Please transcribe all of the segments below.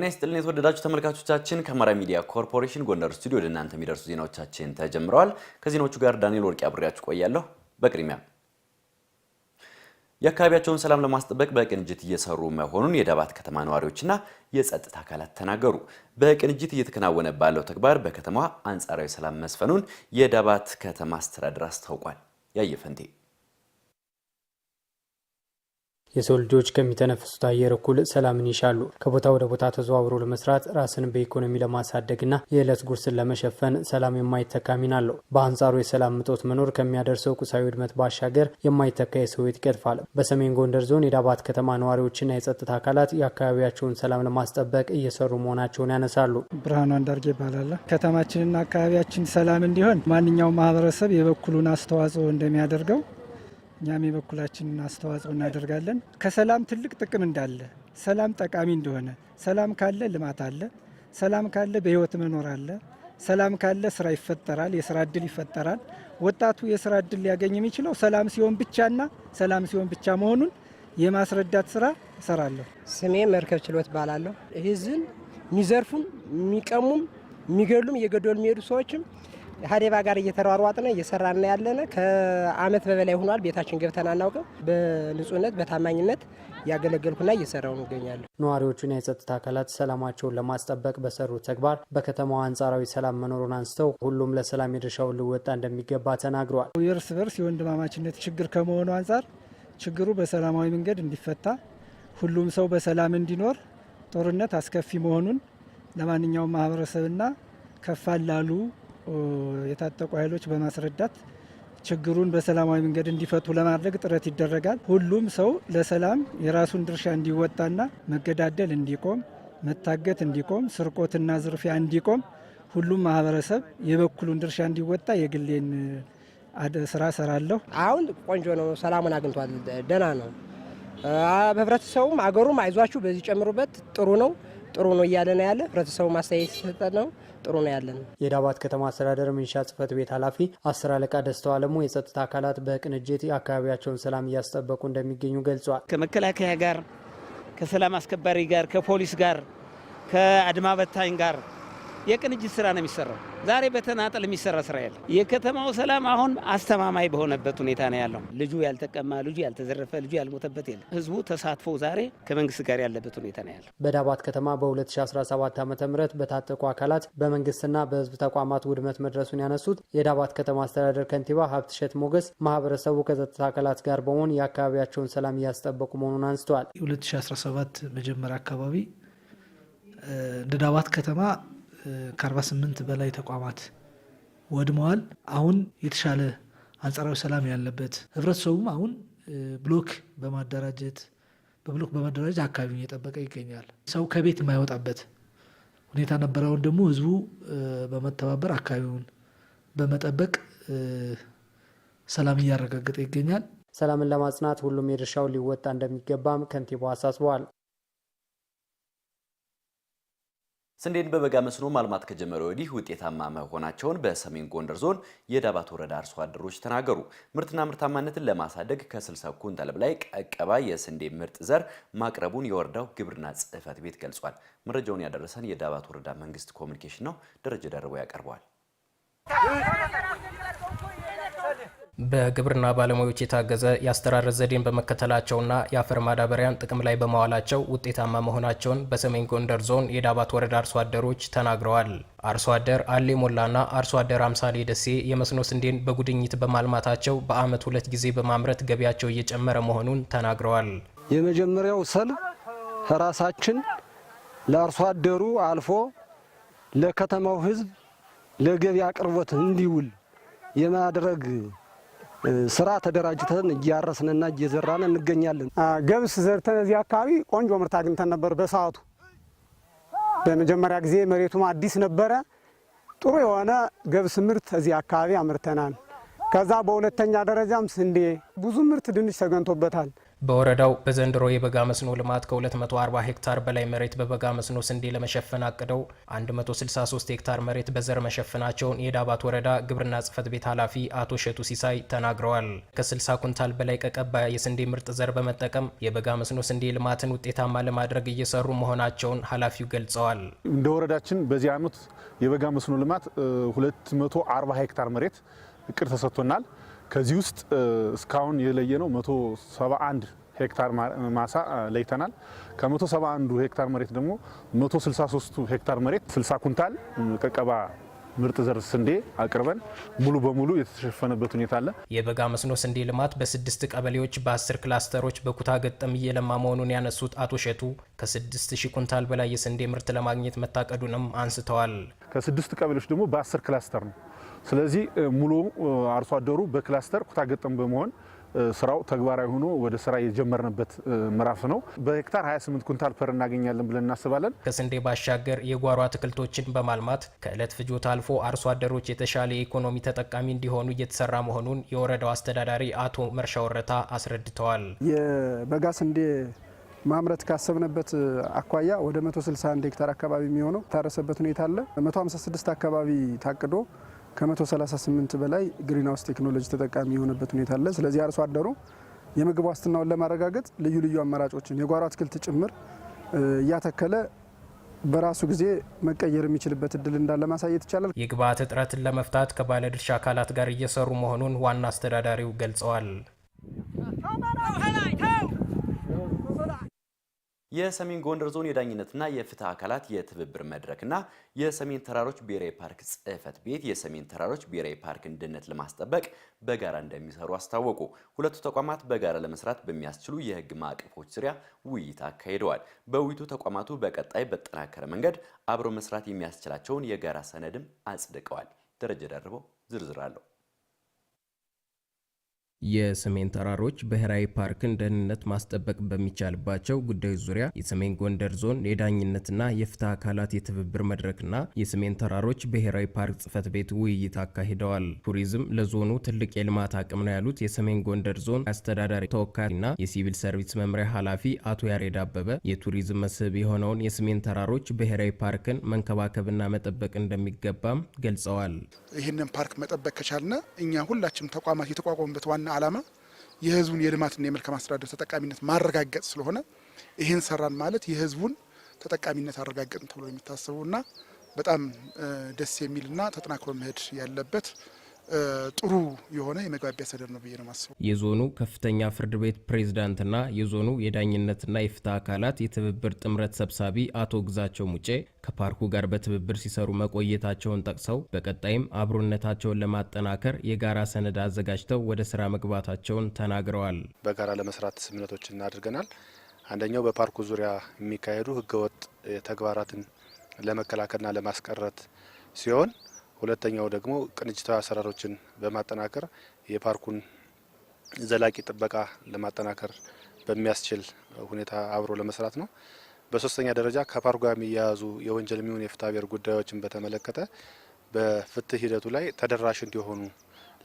ጤና ይስጥልን የተወደዳችሁ ተመልካቾቻችን፣ ከአማራ ሚዲያ ኮርፖሬሽን ጎንደር ስቱዲዮ ወደ እናንተ የሚደርሱ ዜናዎቻችን ተጀምረዋል። ከዜናዎቹ ጋር ዳንኤል ወርቅ አብሬያችሁ ቆያለሁ። በቅድሚያ የአካባቢያቸውን ሰላም ለማስጠበቅ በቅንጅት እየሰሩ መሆኑን የዳባት ከተማ ነዋሪዎችና የጸጥታ አካላት ተናገሩ። በቅንጅት እየተከናወነ ባለው ተግባር በከተማዋ አንጻራዊ ሰላም መስፈኑን የዳባት ከተማ አስተዳደር አስታውቋል። ያየፈንቴ የሰው ልጆች ከሚተነፍሱት አየር እኩል ሰላምን ይሻሉ። ከቦታ ወደ ቦታ ተዘዋውሮ ለመስራት ራስን በኢኮኖሚ ለማሳደግና የዕለት ጉርስን ለመሸፈን ሰላም የማይተካ ሚና አለው። በአንጻሩ የሰላም እጦት መኖር ከሚያደርሰው ቁሳዊ ውድመት ባሻገር የማይተካ የሰው ሕይወት ይቀጥፋል። በሰሜን ጎንደር ዞን የዳባት ከተማ ነዋሪዎችና የጸጥታ አካላት የአካባቢያቸውን ሰላም ለማስጠበቅ እየሰሩ መሆናቸውን ያነሳሉ። ብርሃኑ አንዳርጌ ይባላል። ከተማችንና አካባቢያችን ሰላም እንዲሆን ማንኛውም ማህበረሰብ የበኩሉን አስተዋጽኦ እንደሚያደርገው እኛም የበኩላችንን አስተዋጽኦ እናደርጋለን። ከሰላም ትልቅ ጥቅም እንዳለ፣ ሰላም ጠቃሚ እንደሆነ፣ ሰላም ካለ ልማት አለ፣ ሰላም ካለ በህይወት መኖር አለ፣ ሰላም ካለ ስራ ይፈጠራል፣ የስራ እድል ይፈጠራል። ወጣቱ የስራ እድል ሊያገኝ የሚችለው ሰላም ሲሆን ብቻና ሰላም ሲሆን ብቻ መሆኑን የማስረዳት ስራ እሰራለሁ። ስሜ መርከብ ችሎት እባላለሁ። ህዝብን የሚዘርፉም የሚቀሙም የሚገሉም እየገደሉ የሚሄዱ ሰዎችም ሀዴባ ጋር እየተሯሯጥነ እየሰራን ያለነ ከአመት በበላይ ሆኗል። ቤታችን ገብተን አናውቅም። በንጹህነት በታማኝነት እያገለገልኩና እየሰራው እንገኛለን። ነዋሪዎቹና የጸጥታ አካላት ሰላማቸውን ለማስጠበቅ በሰሩት ተግባር በከተማዋ አንጻራዊ ሰላም መኖሩን አንስተው ሁሉም ለሰላም የድርሻውን ሊወጣ እንደሚገባ ተናግረዋል። የእርስ በርስ የወንድማማችነት ችግር ከመሆኑ አንጻር ችግሩ በሰላማዊ መንገድ እንዲፈታ ሁሉም ሰው በሰላም እንዲኖር ጦርነት አስከፊ መሆኑን ለማንኛውም ማህበረሰብና ከፋላሉ። የታጠቁ ኃይሎች በማስረዳት ችግሩን በሰላማዊ መንገድ እንዲፈቱ ለማድረግ ጥረት ይደረጋል። ሁሉም ሰው ለሰላም የራሱን ድርሻ እንዲወጣና መገዳደል እንዲቆም፣ መታገት እንዲቆም፣ ስርቆትና ዝርፊያ እንዲቆም ሁሉም ማህበረሰብ የበኩሉን ድርሻ እንዲወጣ የግሌን ስራ ሰራለሁ። አሁን ቆንጆ ነው፣ ሰላሙን አግኝቷል። ደህና ነው። በህብረተሰቡም አገሩም አይዟችሁ በዚህ ጨምሩበት ጥሩ ነው። ጥሩ ነው እያለ ነው ያለ። ህብረተሰቡ ማስተያየት ሲሰጠ ነው ጥሩ ነው ያለ ነው። የዳባት ከተማ አስተዳደር ምንሻ ጽህፈት ቤት ኃላፊ አስር አለቃ ደስተው አለሙ የጸጥታ አካላት በቅንጅት አካባቢያቸውን ሰላም እያስጠበቁ እንደሚገኙ ገልጿል። ከመከላከያ ጋር፣ ከሰላም አስከባሪ ጋር፣ ከፖሊስ ጋር፣ ከአድማ በታኝ ጋር የቅንጅት ስራ ነው የሚሰራው። ዛሬ በተናጠል የሚሰራ ስራ ያለ የከተማው ሰላም አሁን አስተማማኝ በሆነበት ሁኔታ ነው ያለው። ልጁ ያልተቀማ፣ ልጁ ያልተዘረፈ፣ ልጁ ያልሞተበት የለ። ህዝቡ ተሳትፎ ዛሬ ከመንግስት ጋር ያለበት ሁኔታ ነው ያለው። በዳባት ከተማ በ2017 ዓ ም በታጠቁ አካላት በመንግስትና በህዝብ ተቋማት ውድመት መድረሱን ያነሱት የዳባት ከተማ አስተዳደር ከንቲባ ሀብትሸት ሞገስ ማህበረሰቡ ከጸጥታ አካላት ጋር በመሆን የአካባቢያቸውን ሰላም እያስጠበቁ መሆኑን አንስተዋል የ2017 መጀመሪያ አካባቢ እንደ ዳባት ከተማ ከ48 በላይ ተቋማት ወድመዋል። አሁን የተሻለ አንጻራዊ ሰላም ያለበት ህብረተሰቡም አሁን ብሎክ በማደራጀት በብሎክ በማደራጀት አካባቢውን እየጠበቀ ይገኛል። ሰው ከቤት የማይወጣበት ሁኔታ ነበር። አሁን ደግሞ ህዝቡ በመተባበር አካባቢውን በመጠበቅ ሰላም እያረጋገጠ ይገኛል። ሰላምን ለማጽናት ሁሉም የድርሻውን ሊወጣ እንደሚገባም ከንቲባው አሳስበዋል። ስንዴን በበጋ መስኖ ማልማት ከጀመረ ወዲህ ውጤታማ መሆናቸውን በሰሜን ጎንደር ዞን የዳባት ወረዳ አርሶ አደሮች ተናገሩ። ምርትና ምርታማነትን ለማሳደግ ከ60 ኩንታል በላይ ቀቀባ የስንዴ ምርጥ ዘር ማቅረቡን የወረዳው ግብርና ጽሕፈት ቤት ገልጿል። መረጃውን ያደረሰን የዳባት ወረዳ መንግስት ኮሚኒኬሽን ነው። ደረጀ ደርቦ ያቀርበዋል። በግብርና ባለሙያዎች የታገዘ የአስተራረስ ዘዴን በመከተላቸውና የአፈር ማዳበሪያን ጥቅም ላይ በማዋላቸው ውጤታማ መሆናቸውን በሰሜን ጎንደር ዞን የዳባት ወረዳ አርሶ አደሮች ተናግረዋል። አርሶ አደር አሌ ሞላና አርሶ አደር አምሳሌ ደሴ የመስኖ ስንዴን በጉድኝት በማልማታቸው በዓመት ሁለት ጊዜ በማምረት ገቢያቸው እየጨመረ መሆኑን ተናግረዋል። የመጀመሪያው ሰል ራሳችን ለአርሶ አደሩ አልፎ ለከተማው ሕዝብ ለገበያ አቅርቦት እንዲውል የማድረግ ስራ ተደራጅተን እያረስንና እየዘራን እንገኛለን። ገብስ ዘርተን እዚህ አካባቢ ቆንጆ ምርት አግኝተን ነበር። በሰዓቱ በመጀመሪያ ጊዜ መሬቱም አዲስ ነበረ። ጥሩ የሆነ ገብስ ምርት እዚህ አካባቢ አምርተናል። ከዛ በሁለተኛ ደረጃም ስንዴ ብዙ ምርት ድንች ተገኝቶበታል። በወረዳው በዘንድሮ የበጋ መስኖ ልማት ከ240 ሄክታር በላይ መሬት በበጋ መስኖ ስንዴ ለመሸፈን አቅደው 163 ሄክታር መሬት በዘር መሸፈናቸውን የዳባት ወረዳ ግብርና ጽሕፈት ቤት ኃላፊ አቶ ሸቱ ሲሳይ ተናግረዋል። ከ60 ኩንታል በላይ ቀቀባ የስንዴ ምርጥ ዘር በመጠቀም የበጋ መስኖ ስንዴ ልማትን ውጤታማ ለማድረግ እየሰሩ መሆናቸውን ኃላፊው ገልጸዋል። እንደ ወረዳችን በዚህ ዓመት የበጋ መስኖ ልማት 240 ሄክታር መሬት እቅድ ተሰጥቶናል። ከዚህ ውስጥ እስካሁን የለየነው 171 ሄክታር ማሳ ለይተናል። ከ171 ሄክታር መሬት ደግሞ 163 ሄክታር መሬት 60 ኩንታል ቀቀባ ምርጥ ዘር ስንዴ አቅርበን ሙሉ በሙሉ የተሸፈነበት ሁኔታ አለ። የበጋ መስኖ ስንዴ ልማት በስድስት ቀበሌዎች በአስር ክላስተሮች በኩታ ገጠም እየለማ መሆኑን ያነሱት አቶ ሸቱ ከስድስት ሺህ ኩንታል በላይ የስንዴ ምርት ለማግኘት መታቀዱንም አንስተዋል። ከስድስት ቀበሌዎች ደግሞ በአስር ክላስተር ነው ስለዚህ ሙሉ አርሶ አደሩ በክላስተር ኩታ ገጠም በመሆን ስራው ተግባራዊ ሆኖ ወደ ስራ የጀመርንበት ምዕራፍ ነው። በሄክታር 28 ኩንታል ፐር እናገኛለን ብለን እናስባለን። ከስንዴ ባሻገር የጓሮ አትክልቶችን በማልማት ከእለት ፍጆታ አልፎ አርሶ አደሮች የተሻለ የኢኮኖሚ ተጠቃሚ እንዲሆኑ እየተሰራ መሆኑን የወረዳው አስተዳዳሪ አቶ መርሻ ወረታ አስረድተዋል። የበጋ ስንዴ ማምረት ካሰብንበት አኳያ ወደ 161 ሄክታር አካባቢ የሚሆነው ታረሰበት ሁኔታ አለ። 156 አካባቢ ታቅዶ ከ138 በላይ ግሪንሃውስ ቴክኖሎጂ ተጠቃሚ የሆነበት ሁኔታ አለ። ስለዚህ አርሶ አደሩ የምግብ ዋስትናውን ለማረጋገጥ ልዩ ልዩ አማራጮችን የጓሮ አትክልት ጭምር እያተከለ በራሱ ጊዜ መቀየር የሚችልበት እድል እንዳለ ማሳየት ይቻላል። የግብአት እጥረትን ለመፍታት ከባለድርሻ አካላት ጋር እየሰሩ መሆኑን ዋና አስተዳዳሪው ገልጸዋል። የሰሜን ጎንደር ዞን የዳኝነትና የፍትህ አካላት የትብብር መድረክና የሰሜን ተራሮች ብሔራዊ ፓርክ ጽህፈት ቤት የሰሜን ተራሮች ብሔራዊ ፓርክን ደህንነት ለማስጠበቅ በጋራ እንደሚሰሩ አስታወቁ። ሁለቱ ተቋማት በጋራ ለመስራት በሚያስችሉ የህግ ማዕቀፎች ዙሪያ ውይይት አካሂደዋል። በውይይቱ ተቋማቱ በቀጣይ በጠናከረ መንገድ አብሮ መስራት የሚያስችላቸውን የጋራ ሰነድም አጽድቀዋል። ደረጀ ደርበው ዝርዝር አለው። የሰሜን ተራሮች ብሔራዊ ፓርክን ደህንነት ማስጠበቅ በሚቻልባቸው ጉዳዮች ዙሪያ የሰሜን ጎንደር ዞን የዳኝነትና የፍትህ አካላት የትብብር መድረክና የሰሜን ተራሮች ብሔራዊ ፓርክ ጽህፈት ቤት ውይይት አካሂደዋል። ቱሪዝም ለዞኑ ትልቅ የልማት አቅም ነው ያሉት የሰሜን ጎንደር ዞን አስተዳዳሪ ተወካይና የሲቪል ሰርቪስ መምሪያ ኃላፊ አቶ ያሬድ አበበ የቱሪዝም መስህብ የሆነውን የሰሜን ተራሮች ብሔራዊ ፓርክን መንከባከብና መጠበቅ እንደሚገባም ገልጸዋል። ይህንን ፓርክ መጠበቅ ከቻልነ እኛ ሁላችንም ተቋማት የተቋቋሙበት ዋና ዓላማ የህዝቡን የልማትና የመልካም አስተዳደር ተጠቃሚነት ማረጋገጥ ስለሆነ ይህን ሰራን ማለት የህዝቡን ተጠቃሚነት አረጋገጥን ተብሎ የሚታሰበውና በጣም ደስ የሚልና ተጠናክሮ መሄድ ያለበት ጥሩ የሆነ የመግባቢያ ሰነድ ነው ብዬ ነው ማስበው። የዞኑ ከፍተኛ ፍርድ ቤት ፕሬዝዳንትና የዞኑ የዳኝነትና የፍትህ አካላት የትብብር ጥምረት ሰብሳቢ አቶ ግዛቸው ሙጬ ከፓርኩ ጋር በትብብር ሲሰሩ መቆየታቸውን ጠቅሰው በቀጣይም አብሮነታቸውን ለማጠናከር የጋራ ሰነድ አዘጋጅተው ወደ ስራ መግባታቸውን ተናግረዋል። በጋራ ለመስራት ስምምነቶችን እናድርገናል። አንደኛው በፓርኩ ዙሪያ የሚካሄዱ ህገወጥ ተግባራትን ለመከላከልና ለማስቀረት ሲሆን ሁለተኛው ደግሞ ቅንጅታዊ አሰራሮችን በማጠናከር የፓርኩን ዘላቂ ጥበቃ ለማጠናከር በሚያስችል ሁኔታ አብሮ ለመስራት ነው። በሶስተኛ ደረጃ ከፓርኩ ጋር የሚያያዙ የወንጀል የሚሆን የፍትሐብሔር ጉዳዮችን በተመለከተ በፍትህ ሂደቱ ላይ ተደራሽ እንዲሆኑ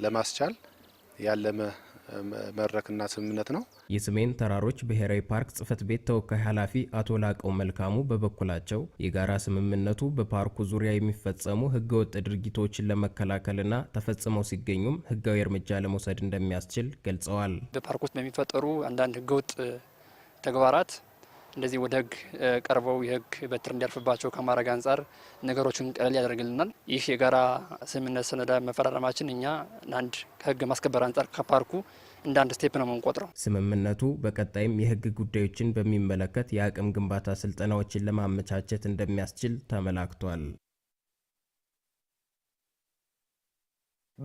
ለማስቻል ያለመ መድረክና ስምምነት ነው። የሰሜን ተራሮች ብሔራዊ ፓርክ ጽህፈት ቤት ተወካይ ኃላፊ አቶ ላቀው መልካሙ በበኩላቸው የጋራ ስምምነቱ በፓርኩ ዙሪያ የሚፈጸሙ ህገወጥ ድርጊቶችን ለመከላከልና ተፈጽመው ሲገኙም ህጋዊ እርምጃ ለመውሰድ እንደሚያስችል ገልጸዋል። ውስጥ በሚፈጠሩ አንዳንድ ህገወጥ ተግባራት እንደዚህ ወደ ህግ ቀርበው የህግ በትር እንዲያልፍባቸው ከማድረግ አንጻር ነገሮችን ቀለል ያደርግልናል። ይህ የጋራ ስምምነት ሰነዳ መፈራረማችን እኛ አንድ ከህግ ማስከበር አንጻር ከፓርኩ እንደ አንድ ስቴፕ ነው የምንቆጥረው። ስምምነቱ በቀጣይም የህግ ጉዳዮችን በሚመለከት የአቅም ግንባታ ስልጠናዎችን ለማመቻቸት እንደሚያስችል ተመላክቷል።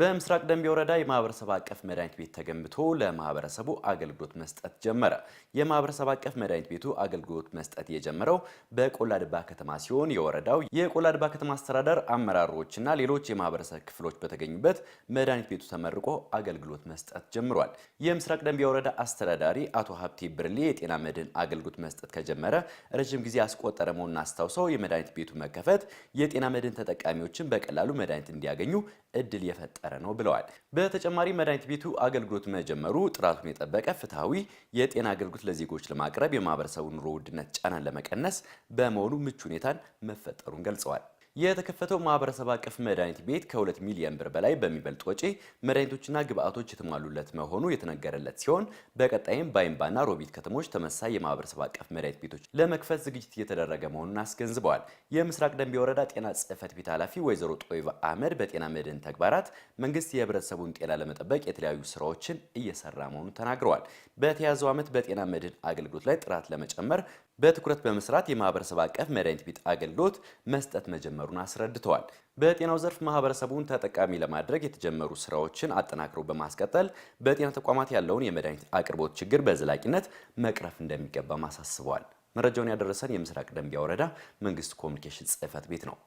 በምስራቅ ደንቢያ ወረዳ የማህበረሰብ አቀፍ መድኃኒት ቤት ተገንብቶ ለማህበረሰቡ አገልግሎት መስጠት ጀመረ። የማህበረሰብ አቀፍ መድኃኒት ቤቱ አገልግሎት መስጠት የጀመረው በቆላድባ ከተማ ሲሆን የወረዳው የቆላድባ ከተማ አስተዳደር አመራሮችና ሌሎች የማህበረሰብ ክፍሎች በተገኙበት መድኃኒት ቤቱ ተመርቆ አገልግሎት መስጠት ጀምሯል። የምስራቅ ደንቢ ወረዳ አስተዳዳሪ አቶ ሀብቴ ብርሌ የጤና መድን አገልግሎት መስጠት ከጀመረ ረዥም ጊዜ አስቆጠረ መሆኑን አስታውሰው የመድኃኒት ቤቱ መከፈት የጤና መድህን ተጠቃሚዎችን በቀላሉ መድኃኒት እንዲያገኙ እድል የፈጠ እየተፈጠረ ነው ብለዋል። በተጨማሪ መድኃኒት ቤቱ አገልግሎት መጀመሩ ጥራቱን የጠበቀ ፍትሐዊ የጤና አገልግሎት ለዜጎች ለማቅረብ የማህበረሰቡ ኑሮ ውድነት ጫናን ለመቀነስ በመሆኑ ምቹ ሁኔታን መፈጠሩን ገልጸዋል። የተከፈተው ማህበረሰብ አቀፍ መድኃኒት ቤት ከሁለት ሚሊዮን ብር በላይ በሚበልጥ ወጪ መድኃኒቶችና ግብአቶች የተሟሉለት መሆኑ የተነገረለት ሲሆን በቀጣይም በአይምባና ሮቢት ከተሞች ተመሳይ የማህበረሰብ አቀፍ መድኃኒት ቤቶች ለመክፈት ዝግጅት እየተደረገ መሆኑን አስገንዝበዋል። የምስራቅ ደንቢያ ወረዳ ጤና ጽሕፈት ቤት ኃላፊ ወይዘሮ ጦይባ አህመድ በጤና መድህን ተግባራት መንግስት የህብረተሰቡን ጤና ለመጠበቅ የተለያዩ ስራዎችን እየሰራ መሆኑን ተናግረዋል። በተያዘው ዓመት በጤና መድህን አገልግሎት ላይ ጥራት ለመጨመር በትኩረት በመስራት የማህበረሰብ አቀፍ መድኃኒት ቤት አገልግሎት መስጠት መጀመሩን አስረድተዋል። በጤናው ዘርፍ ማህበረሰቡን ተጠቃሚ ለማድረግ የተጀመሩ ስራዎችን አጠናክሮ በማስቀጠል በጤና ተቋማት ያለውን የመድኃኒት አቅርቦት ችግር በዘላቂነት መቅረፍ እንደሚገባም አሳስበዋል። መረጃውን ያደረሰን የምስራቅ ደንቢያ ወረዳ መንግስት ኮሚኒኬሽን ጽህፈት ቤት ነው።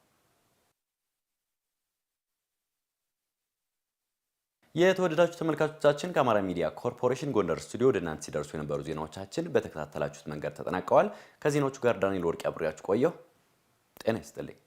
የተወደዳችሁ ተመልካቾቻችን ከአማራ ሚዲያ ኮርፖሬሽን ጎንደር ስቱዲዮ ወደ እናንተ ሲደርሱ የነበሩ ዜናዎቻችን በተከታተላችሁት መንገድ ተጠናቀዋል። ከዜናዎቹ ጋር ዳንኤል ወርቅ አብሬያችሁ ቆየሁ። ጤና ይስጥልኝ።